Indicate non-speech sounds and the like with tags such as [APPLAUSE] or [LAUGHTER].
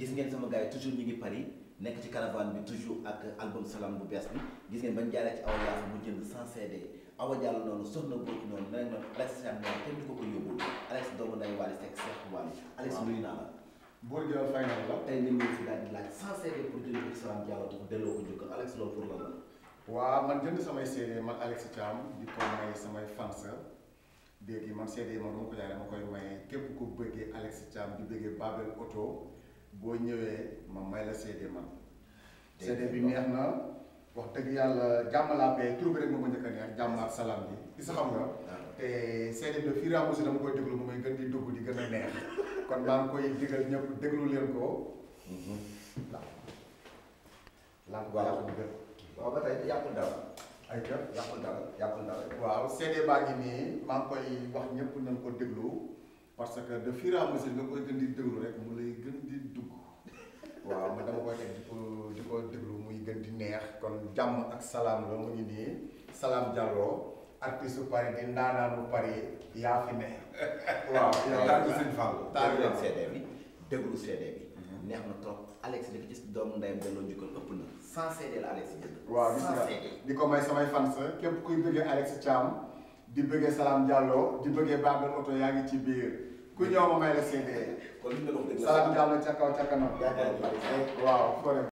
gis ngeen sama gars yi toujours ñu ngi Paris nekk ci caravane bi toujours ak album salam bu bees bi gis ngeen bañ jaaree ci Awa Diallo mu jënd 100 CD Awa Diallo noonu soxna boobu noonu noonu Alex Thiam noonu du ko ko yóbbul Alex doomu nday Wally Seck Seck di laaj 100 CD pour ko salam Diallo delloo ko njëkkal Alex loolu pour la la waaw man jënd samay CD man Alex Thiam di ko may samay fans dégg man CD man dama ko jaaree ma koy may képp ku bëggee Alex Thiam di bëggee Babel Auto boo ñëwee ma may la CD man. CD bi neex na wax dëgg yàlla jàmm laa paix tur rek moo ma njëkk a neex jàmm ak salaam bi ki sa xam nga. te CD bi fii raa aussi dama koy déglu mu may gën di dugg di gën a neex kon maa ngi koy digal ñëpp déglu leen ko. Mhm. waaw. lan ba tey yàqul dara. ay kër yàqul dara yàqul dara. waaw CD baa ngi nii maa ngi koy wax ñëpp nañ ko déglu. parce que de fur et à mesure nga koy gën di déglu rek mu lay gën di dugg waaw man dama koy teg di ko di ko gën di neex kon ak la ngi Salam artiste di bu yaa fi ne. [LAUGHS] waaw tàggu Fall. tàggu bi bi. Mhm. Alex ëpp na la Alex jënd. di ko may samay fans képp kuy Alex di bëggee Salam Diallo di bëggee Babel oto yaa ngi ci biir ku ñëw ma may la CD. kon li nga doon déglu Salam Diallo ca kaw